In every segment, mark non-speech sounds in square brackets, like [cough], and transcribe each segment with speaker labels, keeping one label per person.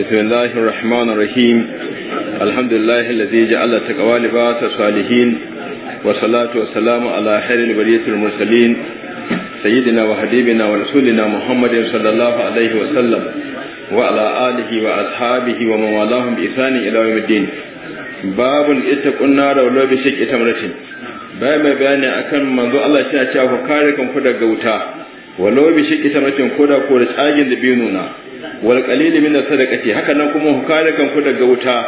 Speaker 1: بسم الله الرحمن الرحيم الحمد لله الذي جعل تقوى لباس الصالحين والصلاة والسلام على خير البرية المرسلين سيدنا وحبيبنا ورسولنا محمد صلى الله عليه وسلم وعلى آله وأصحابه ومن والاهم بإحسان إلى يوم الدين باب اتقوا النار ولو بشق تمرة bai mai bayani akan manzo Allah shi ya cewa ku kare kanku daga wuta walau bi shi kitamacin koda ko da tsagin da biyu nuna wal qalil min sadaqati haka nan kuma ku daga wuta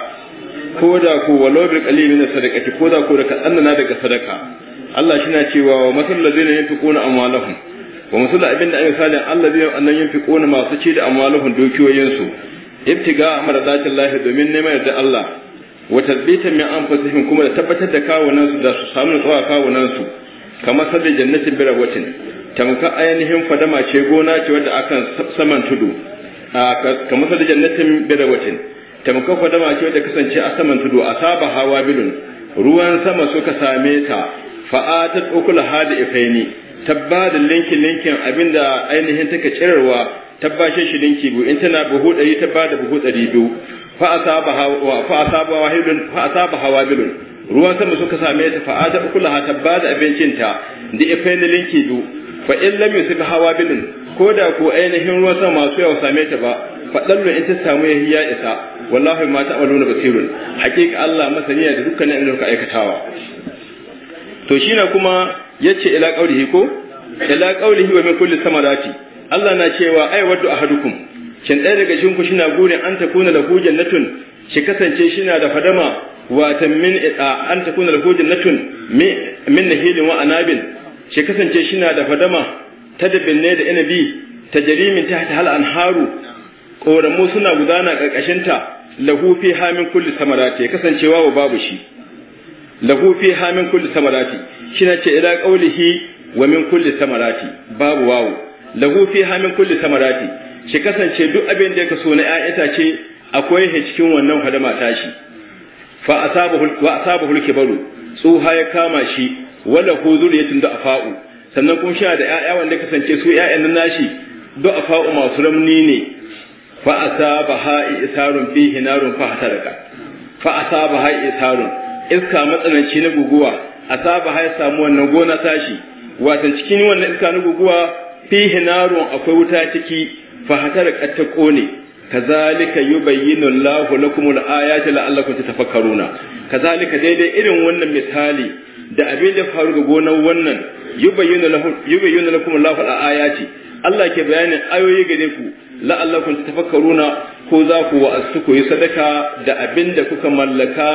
Speaker 1: ko da ku walau bil qalil min sadaqati ko da ku da kadanna daga sadaka Allah shi na cewa wa masal ladina yunfiquna amwalahum wa masal abinda ayi salin alladina annan yunfiquna masu ci da amwalahum dukiyoyinsu ibtiga amradatillahi domin neman da Allah wa tarbiyatan min anfusihim kuma da tabbatar da kawunan su da su samu tsawa kawunan su kamar sabbi jannatin birawatin tamka ainihin fadama ce gona ce wadda akan saman tudu ka masa da jannatin bidawatin tamka kwadama ce wadda kasance a saman tudu saba hawa bilun ruwan sama suka same ta fa'atat ukul da ifaini tabbada da linkin linkin abinda ainihin take cirarwa tabbashe shi linki bu in tana buhu ɗari tabbada da buhu ɗari biyu fa asaba wahidun ruwan sama suka same ta fa'atat ukulaha tabbada da abincinta da ifaini linki biyu fa in lam yusif hawa bilin ko da ko ainihin ruwa sama masu yawa same ta ba fa dallu in ta samu ya hiya isa wallahi ma ta'maluna basirun haqiqa Allah masaniya da dukkanin abin ka aikatawa to shi kuma yace ila qaulihi ko ila qaulihi wa min kulli samarati Allah na cewa ai waddu ahadukum kin ɗaya daga cikin ku shina gurin an ta kuna lahu jannatun shi kasance shina da fadama tammin min an ta kuna lahu jannatun min nahilin wa anabin shi kasance shi na da fadama ta da binne da inabi ta jarimin ta hal haru. koramu suna gudana ƙarƙashinta lahu fi hamin kulli samarati ya kasance wa babu shi lahu fi hamin kulli samarati shi na ce ila qaulihi wa min kulli samarati babu wawu lahu fi hamin kulli samarati shi kasance duk abin da ya so na ƴaƴa ce akwai he cikin wannan hadama tashi fa asabahu wa asabahu al-kibaru tsuha ya kama shi wala ko zuriyatin da afa'u sannan kuma shi da ƴaƴa wanda kasance su ƴaƴan nan nashi da afa'u masu ramni ne fa ha'i isarun fihi narun fa hataraka fa ha'i isarun iska matsananci na guguwa asaba ha'i samu wannan gona tashi wato cikin wannan iska na guguwa fihi narun akwai wuta ciki fa hataraka ta kone kazalika yubayyinu Allahu lakum al-ayati la'allakum tatafakkaruna kazalika daidai irin wannan misali da abin da faru ga gonan wannan yubayyinu lahum yubayyinu lakum Allahu al Allah ke bayanin ayoyi gare ku la'allakum tatafakkaruna ko za ku wa ku yi sadaka da abin da kuka mallaka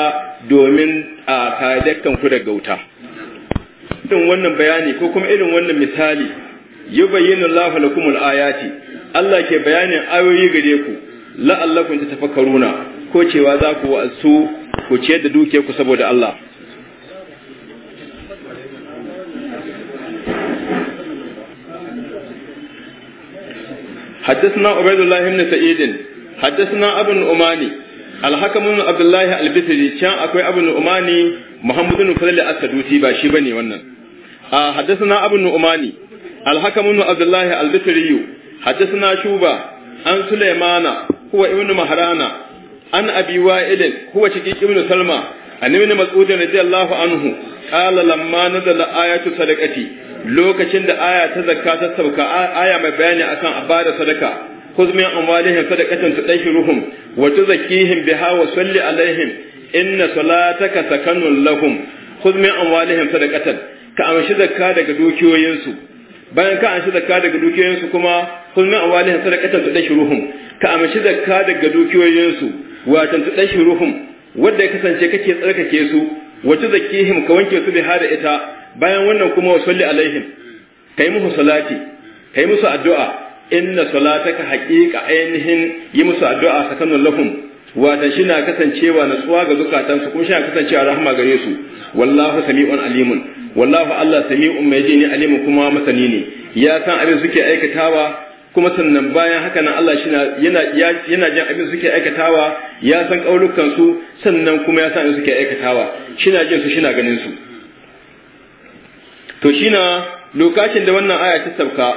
Speaker 1: domin a kadakan ku da gauta. irin wannan bayani ko kuma irin wannan misali yubayyinu Allahu lakum al-ayati Allah ke bayanin ayoyi gare ku la'allakum tatafakkaruna ko cewa za ku wa'azu ku ciyar da duke ku saboda Allah حدثنا عبيد الله بن سعيد حدثنا ابو الاماني الحكم بن عبد الله البصري كان اكو ابو الاماني محمد بن فضل السدوسي ba shi bane wannan حدثنا ابو الاماني الحكم بن عبد الله حدثنا شوبة عن سليمان هو ابن مهران عن أبي وائل هو شقيق ابن سلمى عن ابن مسعود رضي الله عنه قال لما نزل آية صدقتي lokacin da aya ta zakka ta sauka aya mai bayani akan abada sadaka khudh min amwalihim sadaqatan tutahhiruhum wa tuzakkihim biha wa salli alaihim inna salataka sakanun lahum khudh min amwalihim ka amshi zakka daga dukiyoyinsu bayan ka amshi zakka daga dukiyoyinsu kuma kulmin awalihin sadaqatan tu ruhun. ka amshi zakka daga dukiyoyinsu watan tu ruhun. wanda ya kasance kake tsarkake su wace zakihim ka wanke su biha da ita bayan wannan kuma wa salli alaihim kai musu salati ka yi musu addu'a inna salataka haqiqa ainihin yi musu addu'a sakanun lahum watan shi na kasancewa natsuwa ga zukatansu kuma shi na kasancewa rahama gare su wallahu sami'un alimun wallahu Allah sami'un mai jini ne alimun kuma masani ne ya san abin suke aikatawa kuma sannan bayan haka nan Allah shi yana yana jin abin suke aikatawa ya san kaulukan su sannan kuma ya san abin suke aikatawa shi na jin su shi na ganin su to shi na lokacin da wannan aya ta sauka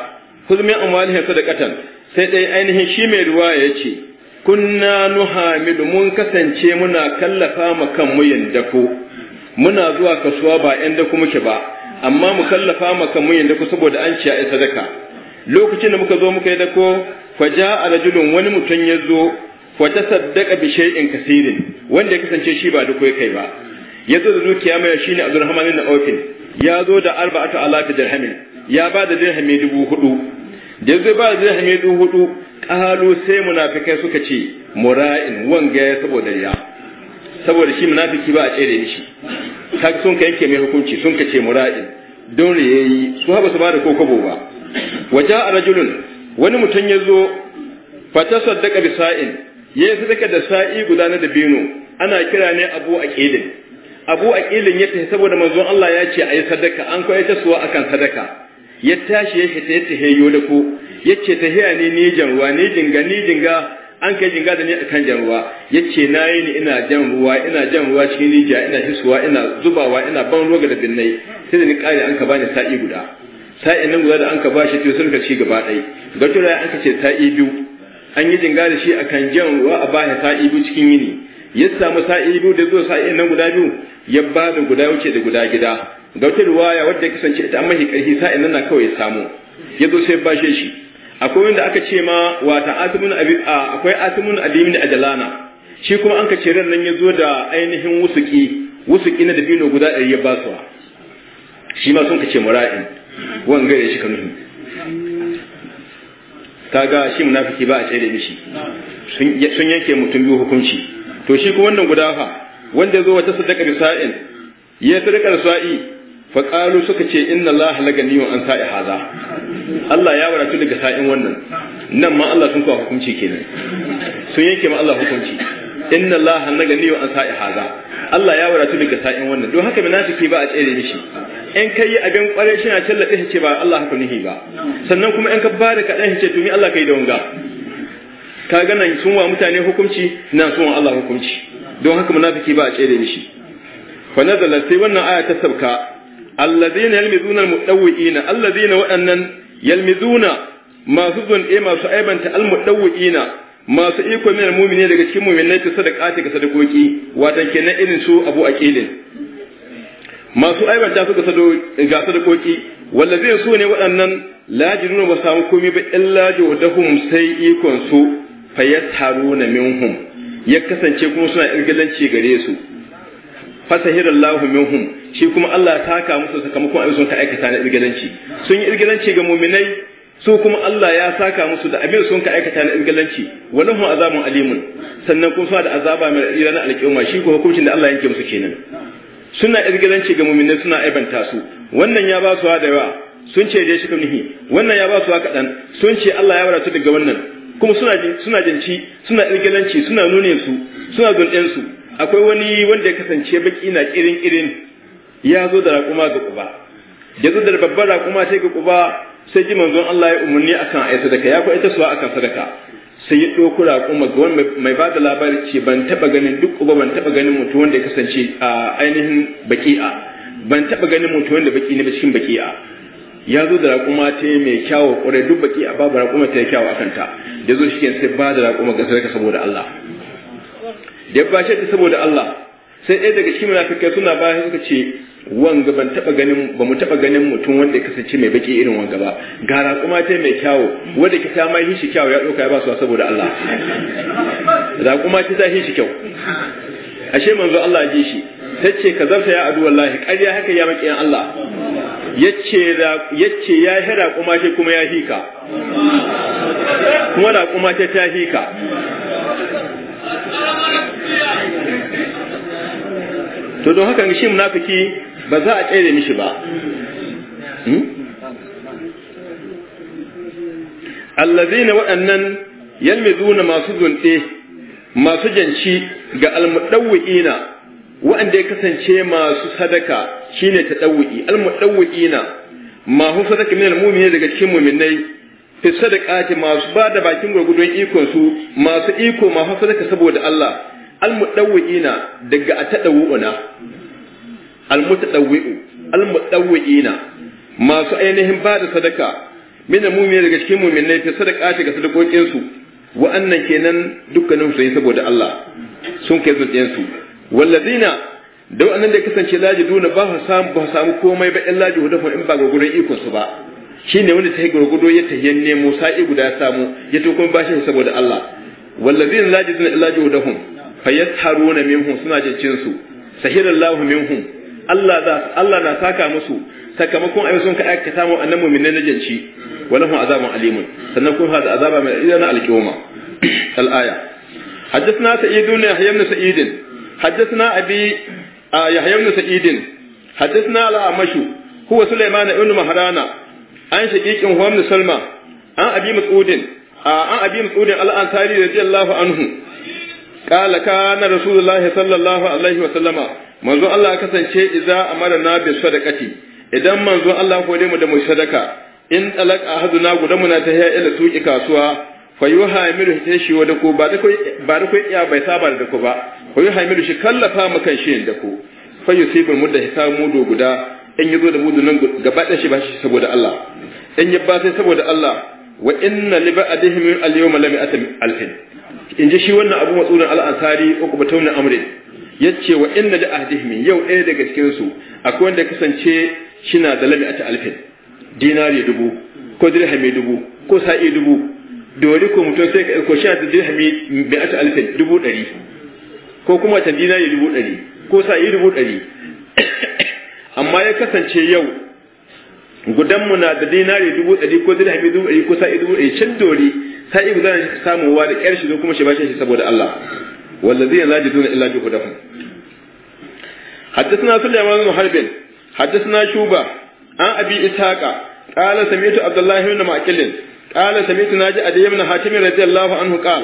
Speaker 1: kuzmin amwalihim sadaqatan sai dai ainihin shi mai ruwa ya ce kunna nuhamidu mun kasance muna kallafa ma kanmu yin muna zuwa kasuwa ba yan dako muke ba amma mu kallafa ma kanmu yin saboda an ci ai sadaka lokacin da muka zo muka yi dako faja a rajulun wani mutum ya zo fa tasaddaqa bi shay'in kasirin wanda ya kasance shi ba dako kai ba ya zo da dukiya mai shine Abdulrahman na ofin ya zo da arba'atu alafi dirhamin ya ba da dirhami dubu hudu da zai ba da dirhami dubu hudu qalu sai munafikai suka ce mura'in wanga ya saboda ya saboda shi munafiki ba a tsere shi Ka sun ka yanke mai hukunci sun ka ce mura'in Don ya yi su ba su ba da kokobo ba a rajulun wani mutum ya zo fata saddaka bi sa'in ya yi sadaka da sa'i guda na dabino ana kira ne abu aqilin abu aqilin ya tafi saboda manzon Allah ya ce a yi sadaka an kwaye tasowa akan sadaka ya tashi ya shi ya tahiyo da ku Ya ce tahiya ne ni ruwa. ni jinga ni jinga an kai jinga da ni a kan Ya ce na yi ni ina jan ruwa ina jan ruwa cikin rijiya ina hisuwa ina zubawa ina ban ruwa da binnai sai da ni kare an ka bani sa'i guda sa'i nan guda da an ka shi to sun ka ci gaba dai ga tura an ka ce sa'i biyu an yi jinga da shi kan jan ruwa a shi sa'i biyu cikin yini ya samu sa'i biyu da zuwa sa'i nan guda biyu ya ba da guda wuce da guda gida ga wata ruwaya wadda ya kasance ita amma karfi sa'in nan na kawai samu ya zo sai bashe shi akwai wanda aka ce ma wata atimun abi akwai atimun adimin ajalana shi kuma an kace ran nan ya zo da ainihin wusuki wusuki na dabino guda ɗari ya ba suwa shi ma sun kace mura'in wan gare shi kanu kaga shi munafiki ba a da mishi sun yanke mutum biyu hukunci to shi kuma wannan guda fa wanda ya zo wata sadaka bisa'in ya sadaka sa'i faƙalu suka ce inna Allah laga niyon an sa'i haza Allah ya wadatu daga sa'in wannan nan ma Allah sun kawo hukunci kenan sun yanke ma Allah hukunci inna Allah laga niyon an sa'i haza Allah ya wadatu daga sa'in wannan don haka munafiki ba a tsere mishi in kai abin kware shi na tallaɗe shi ce ba Allah haka nihi ba sannan kuma in ka ba da kaɗan shi ce to mi Allah kai da wanga ka ga nan sun wa mutane hukunci na sun wa Allah hukunci don haka munafiki ba a tsere mishi fa nazala sai wannan aya ta sabka allazina yalmizuna almutawwi'ina allazina waɗannan yalmizuna masu zunɗe masu aibanta almutawwi'ina masu iko min almu'mini daga cikin mu'minai ta sadaqati ga sadakoki watan kenan irin su Abu Aqilin masu aibanta su ga sadakoki wallazina su ne waɗannan la jinuna ba samu komai ba illa jawdahum sai ikon su fayataruna minhum ya kasance kuma suna irgalanci gare su fasahirallahu minhum shi kuma Allah ya taka musu sakamakon abin sun ka aikata na irgilanci sun yi irgilanci ga muminai su kuma Allah ya saka musu da abin sun ka aikata na irgilanci walahu azabun alimun sannan kun da azaba mai radira na alƙiyama shi ko hukuncin da Allah yanke musu kenan suna irgilanci ga muminai suna aibanta su wannan ya ba su da yawa sun ce dai shi nihi wannan ya ba su kaɗan sun ce Allah ya wadatu daga wannan kuma suna suna jinci suna irgilanci suna nune su suna gundin su akwai wani wanda ya kasance baki na kirin kirin ya zo da raƙuma ga kuba ya zo da babbar raƙuma sai ga kuba sai ji manzon Allah ya umarni akan ayi sadaka ya kuwa ita suwa akan sadaka sai ya ɗauko raƙuma ga wani mai ba da labari ce ban taɓa ganin duk uba ban taɓa ganin mutum wanda ya kasance a ainihin baki'a ban taɓa ganin mutum wanda baki ne cikin baki'a ya zo da raƙuma ta yi mai kyawo ƙwarai duk baki'a babu raƙuma ta yi kyawo akan ta da zo shi sai ba da raƙuma ga sadaka saboda Allah da ba shi saboda Allah sai ɗaya daga cikin munafikai suna ba suka ce wanga ban taba ganin ba mu taba ganin mutum wanda ya kasance mai baki irin wanga ba Ga raƙuma ta mai kyawo wanda ki ta mai shi kyawo ya doka ya ba su saboda Allah raƙuma ta ta shi kyau ashe manzo Allah ji shi tace ka zarta ya adu wallahi ƙarya haka ya maƙiyan Allah yace da yace ya hira kuma shi kuma ya hika kuma da kuma ta ta hika
Speaker 2: to don haka shi munafiki
Speaker 1: ba za a tsere mishi ba hmm? allazina waɗannan yalmizuna masu zunɗe masu janci ga almudawwi'ina waɗanda ya kasance masu sadaka shine ta dawwi almudawwi'ina hu sadaka min almu'mini daga cikin mu'minai fi sadaqati masu ba da bakin gurgudun ikon su masu iko masu sadaka saboda Allah almudawwi'ina daga a tadawu'una almutadawwi'u almudawwi'ina masu ainihin ba da sadaka min mu'mini daga cikin mu'minai fi sadaqati ga sadakokin su wa'annan kenan dukkanin su yi saboda Allah sun kai zuciyan su wallazina da wa'annan da kasance lajiduna ba su samu ba su samu komai ba in laji hudu in ba gurgurin ikon su ba shine wanda ta yi gurgudo ya tahiyyan nemo sa'i guda ya samu ya to kuma ba shi saboda Allah wallazina lajiduna laji hudu fayasharuna minhum suna jin su sahirallahu minhum Allah za Allah na saka musu sakamakon ayi sun ka aikata mu annan mu'minin na janci walahum azabun alimun sannan kun hada azaba mai idan alqiyama [clears throat] al-aya حدثنا سعيد بن يحيى بن سعيد حدثنا أبي يحيى بن سعيد حدثنا الأعمش هو سليمان بن an عن شقيق هو salma an عن أبي مسعود عن أبي مسعود الأنصاري رضي الله qala na rasulullahi sallallahu alaihi wa sallama manzo Allah kasance iza amara na bi sadaqati idan manzo Allah kore mu da mu sadaka in a ahaduna guda muna ta hiya ila suki kasuwa fa yuhamilu ta shi wa da ku ba da kai ba da kai iya bai saba da ku ba fa yuhamilu shi kallafa mu kan shi da ku fa yusibu mudda hisamu do guda in yazo da mudu nan gaba da shi ba shi saboda Allah in ya ba saboda Allah wa inna li ba'dihim al-yawma lam atim alfin in ji shi wannan abu matsurin al'ansari uku ba taunin amrin ce wa inna da ahdihmi yau ɗaya daga cikinsu akwai wanda kasance shina da labi ta alfin dinari dubu ko dirhami dubu ko sa'i dubu dori ko mutum sai ka ko sha da dirhami bi ta alfin dubu ɗari ko kuma ta dinari dubu ɗari ko sa'i dubu ɗari amma ya kasance yau gudanmu na da dinari dubu ɗari ko dirhami dubu ɗari ko sa'i dubu ɗari can dori sa'ibu zai samuwa da ƙyar shi zo kuma shi bashe shi saboda Allah والذين لا يجدون إلا جهدهم حدثنا سليمان بن حرب حدثنا شوبة عن أبي إسحاق قال سمعت عبد الله بن معقل قال سمعت ناجي أدي بن حاتم رضي الله عنه قال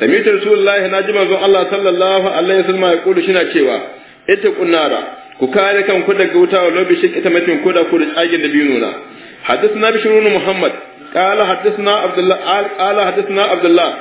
Speaker 1: سمعت رسول الله ناجي من الله صلى الله عليه وسلم يقول شنا كيوا اتقوا النار ku kare kanku daga wuta wa lobi shi ita mutum ko da ku da tsagin da biyu nuna حدثنا بشرون محمد قال حدثنا عبد الله قال حدثنا عبد الله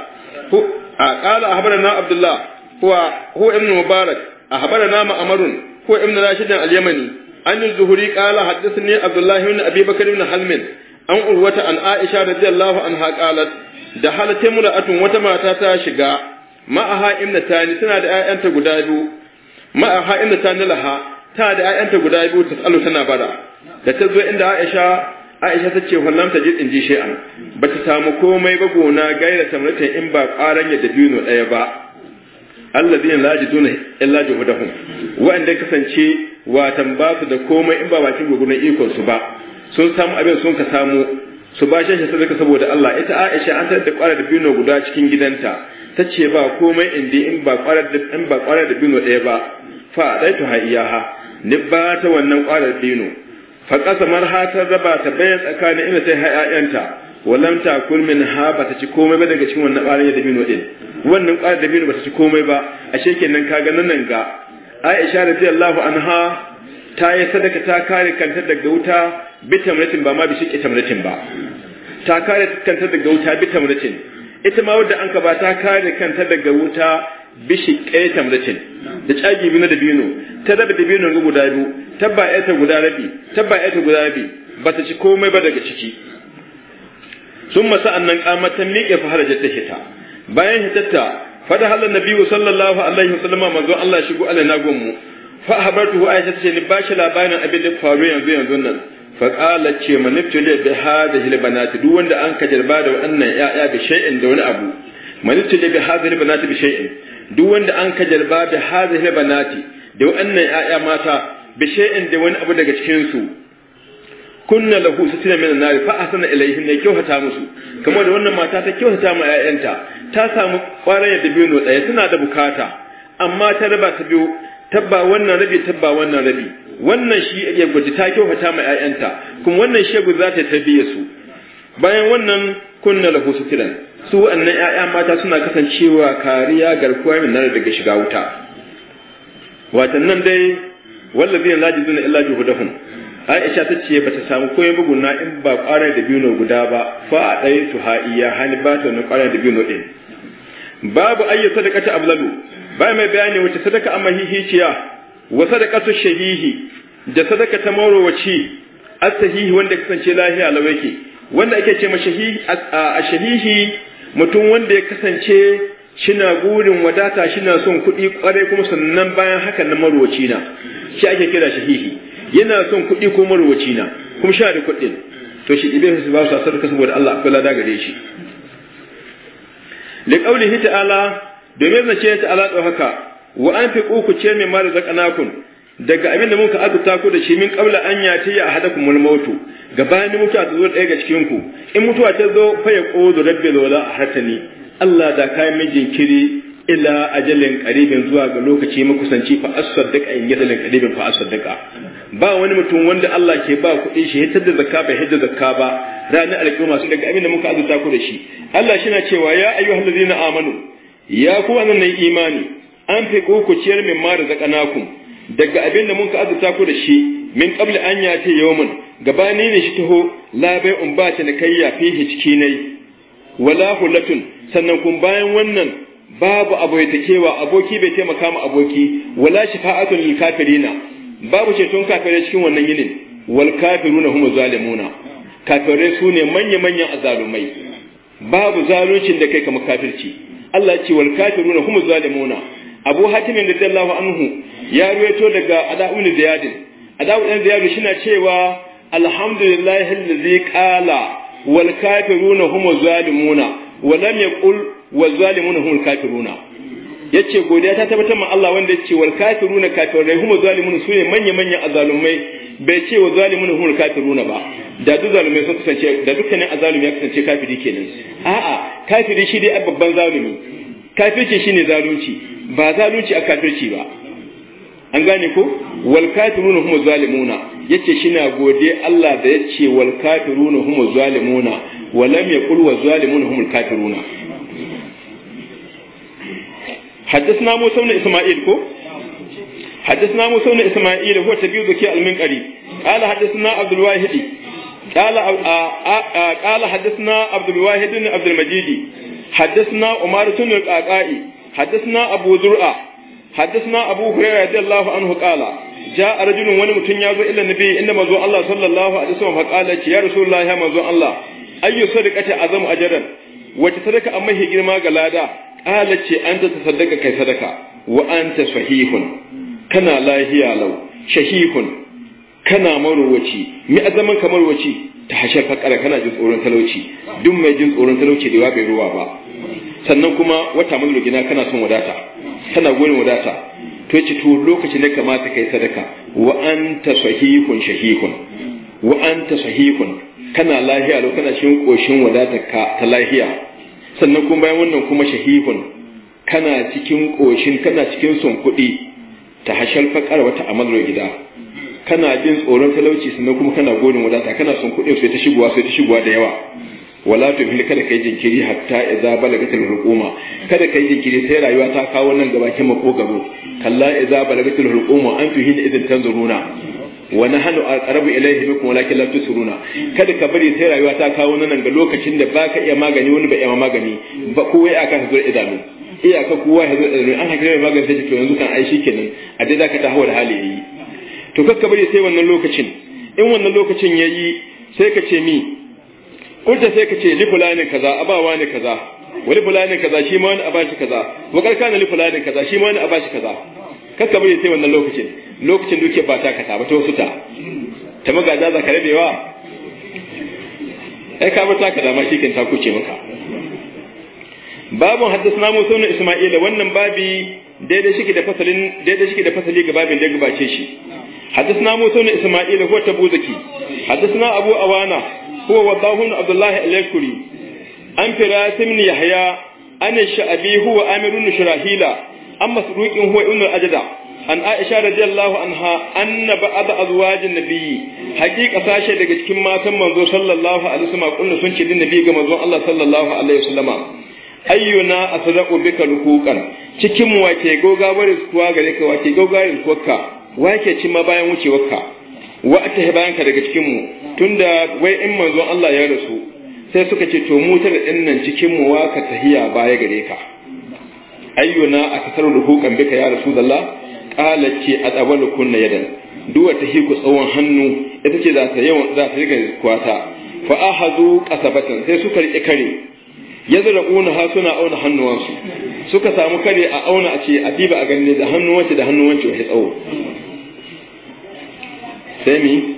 Speaker 1: هو قال أخبرنا عبد الله هو هو ابن مبارك أخبرنا مأمر هو ابن راشد اليمني عن الزهري قال حدثني عبد الله بن أبي بكر بن حلم عن عروة عن عائشة رضي الله عنها قالت دخلت امرأة وتماتا تاشقا معها ابنتان سنة آيانت قدابو معها ابنتان لها ta da ‘ya'yanta guda biyu ta tsalo tana bara da ta zo inda Aisha Aisha ta ce wallam ta inji shi an, ba bata samu komai ba gona gaira mutan in ba ƙaran ya dabino ɗaya ba alladina la jiduna illa juhudahum wa'anda kasance watan ba su da komai in ba bakin gugunan ikon su ba sun samu abin sun ka samu su ba shi sadaka saboda Allah ita Aisha an tar da bino dabino guda cikin gidanta ta ce ba komai dai in ba da in ba da dabino ɗaya ba fa daitu ta iyaha ni ba ta wannan da dabino fa qasamar ha ta raba ta bayan tsakanin ina sai ha'ya'yanta walam ta kul min ha ba ta ci komai ba daga cikin wannan ƙwarin dabino din wannan ƙwarin dabino ba ta ci komai ba ashe ka ga nan ga Aisha radiyallahu anha ta yi sadaka ta kare kanta daga wuta bi tamratin ba ma bi shike tamratin ba ta kare kanta daga wuta bi tamratin ita ma wadda an ka ba ta kare kanta daga wuta bishi ƙaya tamratin da cagi biyu na dabino ta raba dabino ga guda biyu tabba ta guda rabi tabba ta guda rabi ba ta ci komai ba daga ciki sun masa annan ta miƙe fa harajar ta hita bayan hitatta fada halar nabi sallallahu alaihi wasallama manzo Allah shigo ala nagon mu fa habartu aisha ta ce ni bashi labarin abin da faru yanzu yanzu nan qala ce maniptule bi hadhihi banati duk wanda an ka jarba da wannan ya'ya bi shay'in da wani abu maniptule bi hadhihi banati bi shay'in duk wanda an ka jalba da hazihi banati da wannan 'ya'ya mata bi shay'in da wani abu daga cikin su kunna lahu sitina min an-nar fa ahsana ilayhin ne kyauta musu kamar da wannan mata ta kyauta ma ƴaƴanta ta samu ƙwarar da biyu tsaye suna da bukata amma ta raba ta biyu tabba wannan rabi tabba wannan rabi wannan shi ya gwaji ta kyauta ma ƴaƴanta kuma wannan shegu za ta tabiye su bayan wannan kunna lahu sitina su wannan ‘ya'ya mata suna kasancewa kariya garkuwa min nan daga shiga wuta watan nan dai wallazi na laji zuna illaji hudahun. aisha ta ce bata samu koyon bugun na in ba ƙwarar da biyu guda ba fa a ɗaya su ha'iya hali ba ta wani ƙwarar da biyu ɗin babu ayyu sadaka ta ablalu ba mai bayani wace sadaka amma hihiciya wa sadaka shahihi da sadaka ta marowaci as-sahihi wanda kasance lahiya lawaki wanda ake ce mashahihi a shahihi mutum wanda ya kasance shina gurin wadata shina son kuɗi ƙwarai kuma sannan bayan haka na marwaci na shi ake kira shi hihi. yana son kuɗi ko marwaci na kuma sha da kuɗin to shi ibe su ba su sadaka saboda Allah akwai lada gare shi li qawlihi ta'ala domin zace ta'ala do haka wa anfiqu ku ce me mara zakanakun. daga abin da muka azurta ku da shi min kabla an ta ya ahadakum al mautu gabanin mutuwa a zo daya ga cikin ku in mutuwa ta zo fa ya qudu rabbi lawla ahatani Allah da kai min jinkiri ila ajalin qaribin zuwa ga lokaci makusanci fa asaddaka in yadalin qaribin fa asaddaka ba wani mutum wanda Allah ke ba kuɗi shi hitar da zakka bai hidda zakka ba ranar alƙiyama su daga abin da muka azurta ku da shi Allah shi na cewa ya ayyuhal ladina amanu ya ku annan imani an fi ku ciyar min ma razaqnakum daga abin da mun ka azurta ku da shi min qabli an ya ce mun gabani ne shi taho la un ba ta na fi hi ciki nai wala hulatun sannan kun bayan wannan babu abu ya takewa aboki bai taimaka ma aboki wala shifa'atun lil kafirina babu ceton kafire cikin wannan yinin wal kafiruna hum zalimuna kafirai su ne manya-manyan azalumai babu zaluncin da kai ka kafirci Allah ce wal kafiruna hum zalimuna abu hatimin radiyallahu anhu ya ruwaito daga ada'ul ziyadin ada'ul shi na cewa alhamdulillahi allazi qala wal kafiruna hum zalimuna wa lam yaqul wal zalimuna hum kafiruna yace godiya ta tabbatar ma Allah wanda yace wal kafiruna kafirai hum zalimuna sune manya manyan azalumai bai ce wa zalimuna hum kafiruna ba da duk zalumai sun kasance da dukkanin azalumi ya kasance kafiri kenan a'a kafiri shi dai babban zalumi kafirci shine zalunci ba zalunci a kafirci ba an gane ko wal kafiruna hum zalimuna yace shina gode Allah da yace wal kafiruna hum zalimuna wa lam yaqul wa zalimuna hum al kafiruna حدثنا موسى بن اسماعيل كو حدثنا موسى بن اسماعيل هو تبيو ذكي المنقري قال حدثنا عبد الواحد قال قال حدثنا عبد الواحد بن عبد المجيد حدثنا عمارة بن القعقاعي حدثنا أبو زرعة حدثنا أبو هريرة رضي الله عنه قال جاء رجل وني متن يا زو إلى النبي إنما زو الله صلى الله عليه وسلم فقال يا رسول الله يا مزو الله أي صدقة أعظم أجرا وتصدق أما هي جرما غلادا قالت أنت تصدق كي صدقة وأنت صحيح كنا لا هي لو شهيح كنا marowaci mi a zaman تحشر marowaci كنا hashar fakara kana دم tsoron talauci duk mai jin tsoron talauci sannan kuma wata mun rugina kana son wadata kana gurin wadata to yace to lokaci ne kamata kai sadaka wa anta sahihun shahihun wa anta sahihun kana lahiya lo kana cikin koshin wadata ka ta lahiya sannan kuma bayan wannan kuma shahihun kana cikin koshin kana cikin son kuɗi ta hashal faqar wata amal gida kana jin tsoron talauci sannan kuma kana gurin wadata kana son kuɗi sai ta shigowa sai ta shigowa da yawa wala tu fil kada kai jinkiri hatta idza al hukuma kada kai jinkiri sai rayuwa ta kawo nan gaba kin mako gabo kalla idza al hukuma an fi hin idan tanzuruna wa nahnu aqrabu ilayhi bikum walakin la tusiruna kada ka bari sai rayuwa ta kawo nan ga lokacin da baka iya magani wani ba iya magani ba ko wai aka zuwa idanu ka kowa ya zuwa idanu an hakira mai magani sai to yanzu kan ai shikenan a dai zaka taho da hali yi. to kakka bari sai wannan lokacin in wannan lokacin yayi sai ka ce mi kunta sai ka ce li fulani kaza abawa ne kaza wa fulani kaza shi ma wani abashi kaza wa kana li fulani kaza shi ma wani abashi kaza kakka bai sai wannan lokacin lokacin duke ba ta kasa ba ta wasu ta ta magaja za ka rabewa ai ka ta ka dama shi kin ta kuce maka Babu haddasa musa sunan isma'ila wannan babi daidai shi da fasalin daidai shi da fasali ga babin da ya gabace shi haddasa musa ibn isma'ila huwa tabuzaki haddasa abu awana هو والله بن عبد الله اليكري عن فراس بن يحيى عن الشعبي هو عامر بن شراحيل عن مسروق هو ابن الأجدع عن عائشة رضي الله عنها أن بعض أزواج النبي حقيقة ساشة daga cikin matan manzo sallallahu alaihi wasallam kullu sun ce nabi ga manzon Allah sallallahu alaihi wasallam ayyuna asdaqu bika lukukan cikin mu wake gogabar kuwa gare ka wake gogarin kuwa ka wake cimma bayan wucewarka wa ta bayanka daga cikin mu tunda wai in manzo Allah ya rasu sai suka ce to mu tare din nan cikin mu wa ka tahiya baya gare ka ayyuna kasar ruhuqan bika ya rasulullah qala ce atabalu kunna yadan duwa ku tsawon hannu ita ce za ta yawan za ta riga kwata fa ahadu qasabatan sai suka rike kare yazra'una ha suna auna hannuwansu suka samu kare a auna a ce a diba a ganin da hannuwanci da hannuwanci wani tsawo sai mi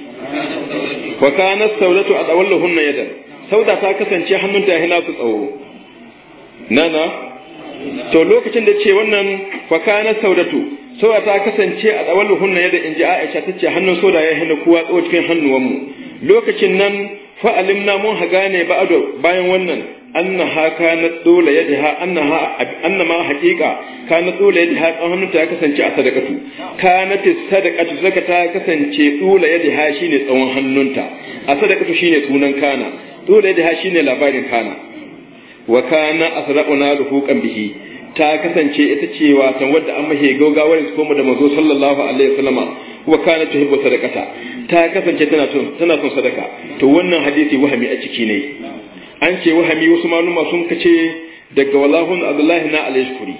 Speaker 1: wa kana saudatu adawallahunna yadan sauda ta kasance hannun ta hina su tsawo nana to lokacin da ce wannan fa kana saudatu sauda ta kasance a adawallahunna yadan inji Aisha tace hannun sauda ya hina kuwa tsawo cikin hannuwanmu lokacin nan fa'alimna mun ha gane ba'ado bayan wannan annaha kanat dole yadha annaha annama haqiqa kanat dole tsawon hannun ya kasance a sadakatu kanat sadakatu ta kasance dole ha shine tsawon hannunta a sadakatu shine sunan kana dole ha shine labarin kana wa kana asra'una kan bihi ta kasance ita ce wasan wanda an mahe gaugawar ko mu da mazo sallallahu alaihi wasallama wa kana tuhibbu sadaqata ta kasance tana son tana son sadaka to wannan hadisi wahami a ciki ne an ce wahami wasu maluma sun kace daga wallahu abdullahi na alayhi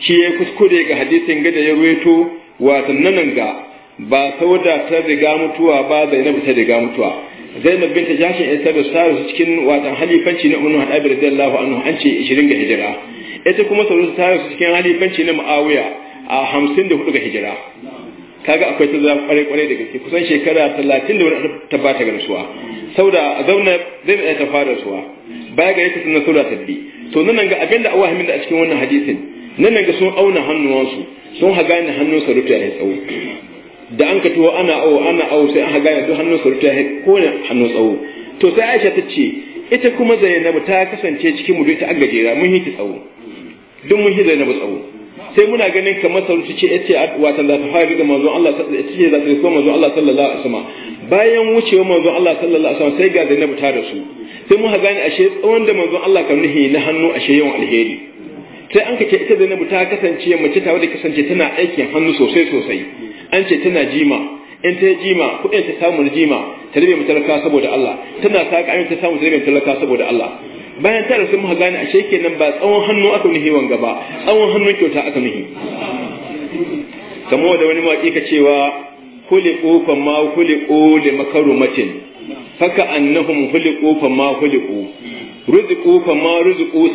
Speaker 1: shi ya kuskure ga hadisin gada ya ruweto watan nan ga ba sauda ta riga mutuwa ba na ta riga mutuwa zainab binta jashin ita da su cikin watan halifanci na umar hadabi radiyallahu anhu an ce 20 ga hijira ita kuma sauru ta cikin halifanci na muawiya a 54 ga hijira kaga akwai ta zama kwarai kwarai da gaske kusan shekara talatin da wani ta ba ta garsuwa sauda a zauna zai da ta fara rasuwa baya gare ta sunan sauda ta bi to nan ga abinda a wahimin da a cikin wannan hadisin nan ga sun auna hannuwansu sun haga ni hannun sa rufe ya tsawo da an ka tuwo ana awo ana awo sai an haga ni duk hannun sa rufe ya ko ne hannun tsawo to sai Aisha ta ce ita kuma Zainabu ta kasance cikin mu duk ta agajera mun yi tsawo duk mun yi Zainabu tsawo sai muna ganin kamar sauransu ce yace watan za ta fara ga manzon Allah ce za ta riko manzon Allah sallallahu alaihi wasallam bayan wucewa manzon Allah sallallahu alaihi wasallam sai ga buta ta rasu sai mun gane ashe tsawon da manzon Allah kan nuhi na hannu ashe yawan alheri sai an kace ita Zainabu ta kasance mace ta wadda kasance tana aikin hannu sosai sosai an ce tana jima in ta jima kuɗin ta samu jima ta rabe mu saboda Allah tana saka ta samu ta rabe saboda Allah bayan ta sun muka gane sheke nan ba tsawon hannu aka nuhi wanga ba tsawon hannun kyauta aka nuhi kamar da wani mawaƙi ka cewa kuliƙo fa ma kuliƙo li makarumatin faka annahum kuliƙo fa ma kuliƙo ruziƙo fa ma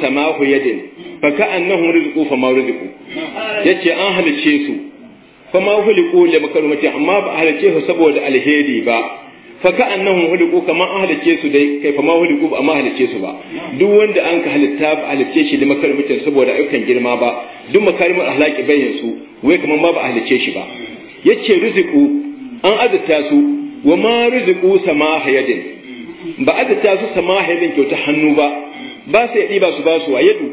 Speaker 1: sama ku yadin faka annahum ruziƙo fa ma ruziƙo yace an halice su fa ma kuliƙo li makarumatin amma ba halice su saboda alheri ba fa ka annahum huliqu kama an su dai kai fa ma huliqu ba ma halice su ba duk wanda an ka halitta ba halice shi da makarimin saboda ayyukan girma ba duk makarimin ahlaki bayin su wai kaman ba ba halice shi ba yace riziku an azata su wa ma riziku samaha yadin ba azata su samaha yadin kyauta hannu ba ba sai yadi ba su ba su a yadu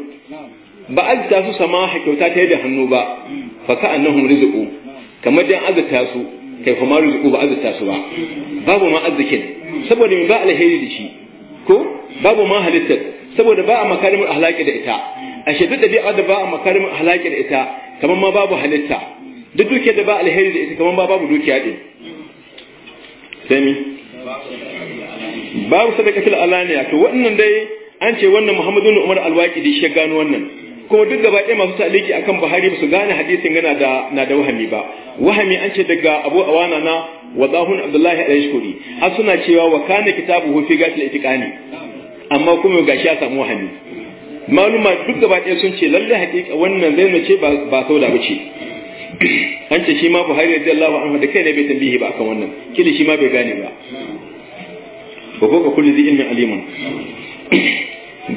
Speaker 1: ba azata su samaha kyauta ta yadda hannu ba fa ka annahum riziku kamar dan azata su kai kuma ruzuku ba azurta su ba babu ma arzikin saboda ba alheri da shi ko babu ma halittar saboda ba a makarimin ahlaki da ita a shaidu ɗabi'a da ba a makarimin ahlaki da ita kamar ma babu halitta duk dukiyar da ba alheri da ita kamar ma babu dukiya sai mi babu sadakatul alaniya to wannan dai an ce wannan muhammadu umar alwaki da shi gano wannan kuma duk gaba ɗaya masu a akan Buhari ba su gane hadisin yana da na da wahami ba wahami an ce daga Abu Awana na wadahun Abdullahi al-Ashkuri har suna cewa wa kana kitabu fi gatil itiqani amma kuma gashi ya samu wahami maluma duk gaba ɗaya sun ce lalle haƙiƙa wannan zai mace ba sauda ba ce an ce shi ma Buhari radiyallahu anhu da kai ne bai tambihi ba akan wannan kili shi ma bai gane ba wa ko ka kulli ilmin aliman.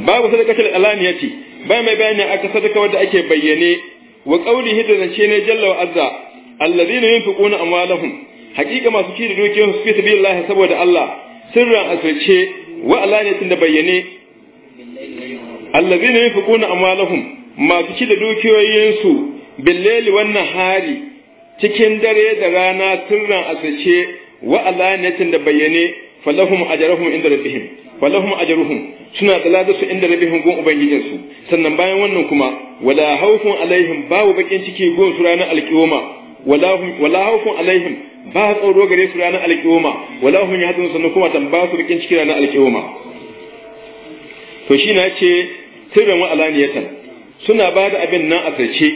Speaker 1: babu sadaqatul alaniyati Ba mai bayani aka sadaka wadda ake bayyane wa hidda da ce ne jalla wa azza alladhina yunfiquna amwalahum haqiqa masu ci da dukiyar su fi Allah saboda Allah sirran asirce wa alaniyatin da bayyane alladhina yunfiquna amwalahum masu ci da su billeli wannan hari cikin dare da rana sirran asirce wa alaniyatin da bayyane falahum ajrahum inda rabbihim falahum ajruhum suna da su inda rabihun gun ubangijinsu sannan bayan wannan kuma wala haufun alaihim babu bakin ciki gun su ranar alkiyoma wala haufun alaihim ba tsoro gare su ranar alkiyoma wala hum yahzanun sannan kuma tan ba su bakin ciki ranar alkiyoma to shi na ce sirran wa suna ba da abin nan a sarce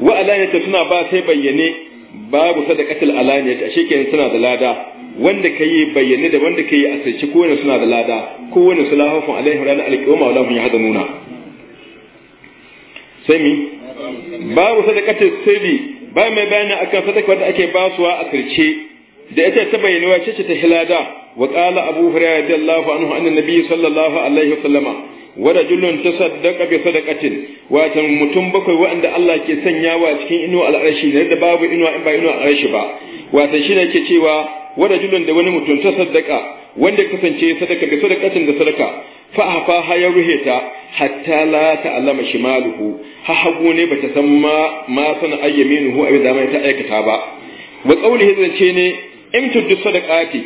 Speaker 1: wa suna ba sai bayyane babu sadaqatul alaniyati ashe kenan suna da lada wanda kai bayyane da wanda kai asirci ko suna da lada ko wani salahufun alaihi wa alqiyama wala hum yahzanuna sai mi babu sadaqatul sirri ba mai bayani akan sadaqa wanda ake basuwa a asirce da ita ta bayyana wace ce ta hilada wa qala abu hurairah radiyallahu anhu anna nabiy sallallahu alaihi wa sallama wa ta sadaka bi sadaqatin wato mutum bakwai wanda Allah ke sanyawa cikin inuwa al'arshi ne da babu inu in ba inu al'arshi ba wato shi ne yake cewa wa rajulun da wani mutum sadaka, wanda kasance sadaka bi sadaqatin da sadaka fa afa ha ya ruhe ta hatta la ta'lama shimaluhu ha hagu ne bata san ma ma sana ayyaminuhu abin da mai ta aikata ba wa qawlihi zance ne imtuddu sadaqati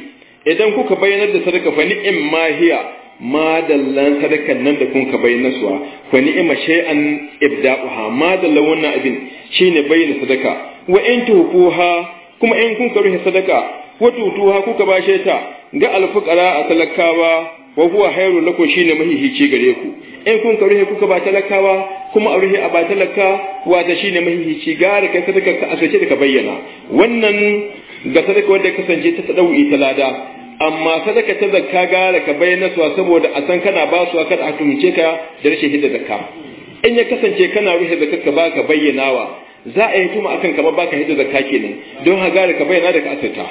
Speaker 1: idan kuka bayyana da sadaka fa ni'im ma hiya madallan sadakan nan da kun ka bayyana suwa fa ni'ima shay'an ibda'uha madallan wannan abin shine bayyana sadaka wa in tuhuha kuma in kun ka sadaka wa tutuha kuka bashe ta ga alfuqara a talakawa wa huwa hayrun lakum shine mahihici gare ku in kun ka kuka ba talakawa kuma a ruhe a ba talaka wa da shine mahihici gare kai sadaka ka asace da ka bayyana wannan ga sadaka wanda kasance ta tsadau ta lada amma sadaka ta zakka gara ka bayyana suwa saboda a san kana ba suwa kada a tumce ka da rashin hidda zakka in ya kasance kana rufe zakka ka ba ka bayyanawa za a yi tuma akan kamar baka hidda zakka kenan don ha gara ka bayyana da ka asirta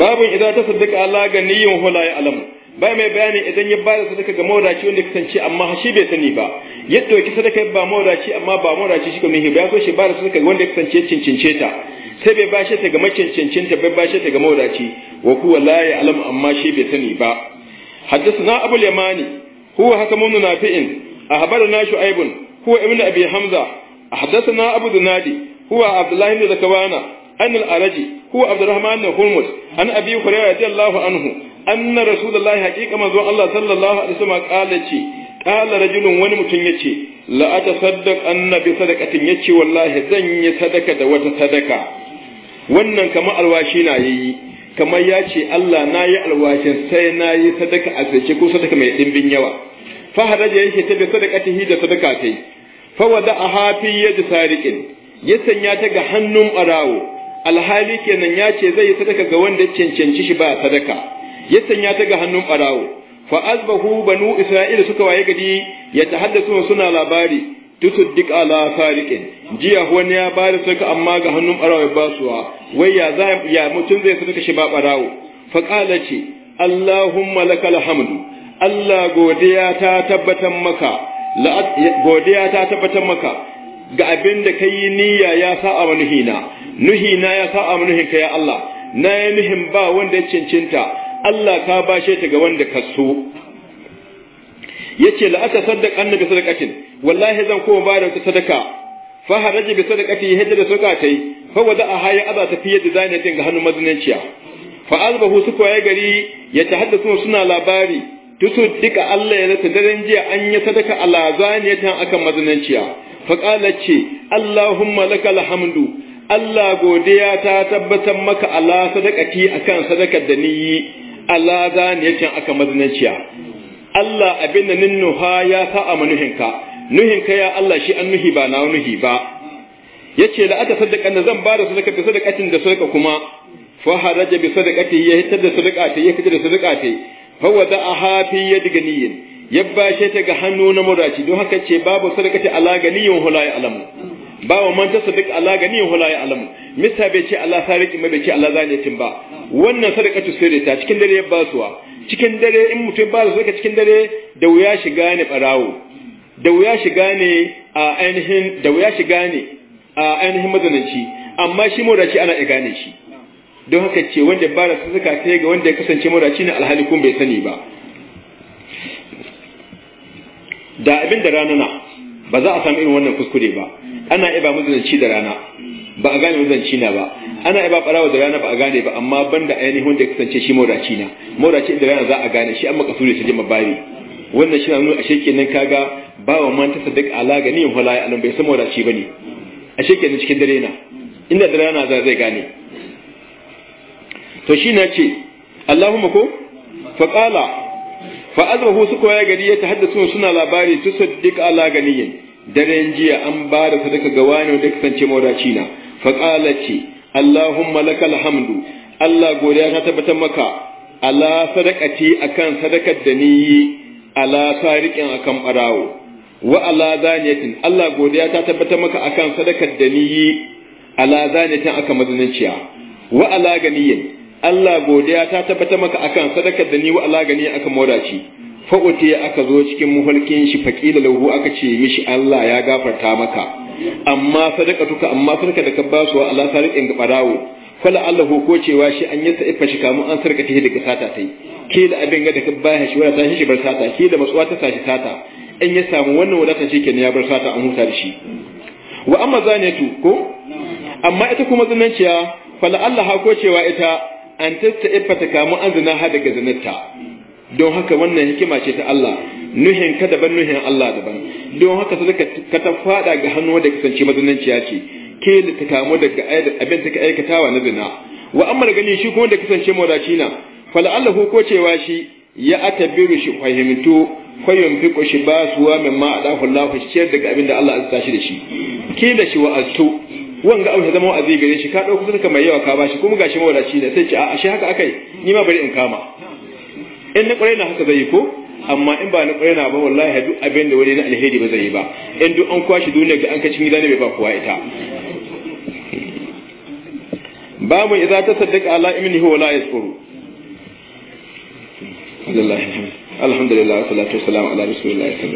Speaker 1: babu idan ta saddaka Allah ga niyyin hula ya alamu ba mai bayani idan ya bada sadaka ga mawadaci wanda kasance amma shi bai sani ba ya dauki sadaka ba mawadaci amma ba mawadaci shi mihi ba so shi bada sadaka wanda kasance cincince ta sai bai bashi ta ga macincincin ta bai bashi ta ga mawadaci wa kuwa la ya'lam amma shi bai sani ba na abul yamani huwa haka mun nafi'in na shu'aibun huwa ibn abi hamza na abu dunadi huwa abdullah ibn zakwana an al-araji huwa abdurrahman ibn hulmus an abi hurairah radiyallahu anhu anna rasulullahi haqiqa manzo allah sallallahu alaihi wasallam qala chi qala rajulun wani mutun yace la atasaddaq anna bi sadaqatin yace wallahi zan yi sadaka da wata sadaka wannan kamar alwashi na yayi kamar ya ce Allah na yi alwashin sai na yi sadaka a sake ko sadaka mai ɗimbin yawa fa haraja yake ta bi ta hidda sadaka kai fa a hafi ya yadi sariqin ya sanya ta ga hannun barawo alhali kenan ya ce zai yi sadaka ga wanda cancanci shi ba sadaka ya sanya ta ga hannun barawo fa azbahu banu isra'ila suka waye gadi ya tahaddasu suna labari tutuddik ala fariqin jiya wani ya bada sarka amma ga hannun barawo ya basuwa wai ya za ya mutun zai saka shi ba barawo fa qala ce allahumma lakal hamdu allah godiya ta tabbatan maka godiya ta tabbatan maka ga abinda da kai niyya ya sa'a wa Nuhi na ya sa'a wa nuhinka ya allah na ya nuhin ba wanda ya cincinta allah ka bashe ta ga wanda ka so yace la aka saddaka annabi sadaqatin wallahi zan koma ba da sadaka fa haraji bi sadaqati hajja da suka tai fa wada a haya aza ta fiye da zanatin ga hannun mazinanciya fa albahu su ya gari ya tahaddathu suna labari tusu dika Allah ya rata daren jiya an yi sadaka ala zaniyatan akan mazinanciya fa qala ce Allahumma lakal hamdu Allah godiya ta tabbatar maka ala sadaqati akan sadakar da niyi ala ala zaniyatan akan mazinanciya Allah abinda ninnu ha ya sa a manuhinka nuhin ka ya Allah shi an nuhi ba na nuhi ba yace da aka saddaka na zan bada sadaka da sadakatin da sadaka kuma fa haraja bi sadakati ya hitar da sadaka ta ya fitar da sadaka ta fa aha fi yadi ganiyin yabba shi ta ga hannu na muraci don haka ce babu sadakati ala ganiyin hula ya alamu babu man ta sadaka ala ganiyin hula alamu misa bai ce Allah sariki mai bai ce Allah zaliyatin ba wannan sadaqatu sirri ta cikin dare ya basuwa cikin dare in mutum ba sadaka cikin dare da wuya shiga ne barawo da wuya shiga ne a ainihin da wuya shiga ne a ainihin mazananci amma shi mawadaci ana iya gane shi don haka ce wanda ba da suka sai ga wanda ya kasance mawadaci na alhali kun bai sani ba da abin da rana na ba za a samu irin wannan kuskure ba ana iya ba mazananci da rana ba a gane mazanci na ba ana iya ba barawa da rana ba a gane ba amma banda ainihin wanda ya kasance shi mawadaci na mawadaci da rana za a gane shi an makasuri ta jima bari wannan shi na nuna ashe kenan kaga ba wa man tasaddaq ala gani wala ya alam bai san wadaci bane ashe kenan cikin dare na inda dare na za zai gane to shi na ce Allahumma ko fa qala fa azrahu suka ya gari ya tahaddasu suna labari tusaddiq ala ganiyin daren jiya an ba da sadaka ga wani wanda kasance mawadaci na fa qala ce Allahumma lakal hamdu Allah godiya ta tabbatar maka ala sadakati akan sadakar da ni yi ala sariqin akan barawo wa ala zaniyatin Allah godiya ta tabbatar maka akan sadakar da ni yi ala zaniyatin aka mazinanciya wa ala ganiyin Allah godiya ta tabbatar maka akan sadakar da ni wa ala ganiyin aka modaci fa utiya aka zo cikin muhalkin shi faqila lahu aka ce mishi Allah ya gafarta maka amma sadakatuka amma sadaka da ka basu wa ala sariqin gabarawo fala Allah ko cewa shi an yi sa'ifa shi kamun an sarka ta daga sata tai ke da abin ga da ka baya shi ta shi bar sata ke da matsuwa ta sashi sata in ya samu wannan wadatar shi kenan ya bar sata an huta da shi wa amma zaniyatu ko amma ita kuma zinanciya fala Allah ko cewa ita an tatta ifa kamu an zina ha daga zinarta don haka wannan hikima ce ta Allah nuhin ka daban nuhin Allah daban don haka sai ka ta fada ga hannu da kasance mazinanciya ce ke da ta kamu daga abin ka aikatawa na zina wa amma da gani shi kuma da kasance mawadaci na fala Allah ko cewa shi ya atabiru shi fahimtu kwayon fiko shi ba suwa min ma adahu Allah shi daga abin da Allah azza shi da shi ke da shi wa'aztu wanga aushi zama wa'azi gare shi ka dauko kusa mai yawa ka bashi kuma gashi mawadaci ne sai ce a shi haka akai ni ma bari in kama in na kwarai na haka zai ko amma in ba na kwarai na ba wallahi hadu abin da wani na alheri ba zai yi ba in duk an kwashi duniya ga an kacin gida ne bai ba kowa ita babu idza tasaddaqa ala imnihi wa la yaskuru الحمد لله الحمد الحمد لله والصلاة
Speaker 2: والسلام على رسول الله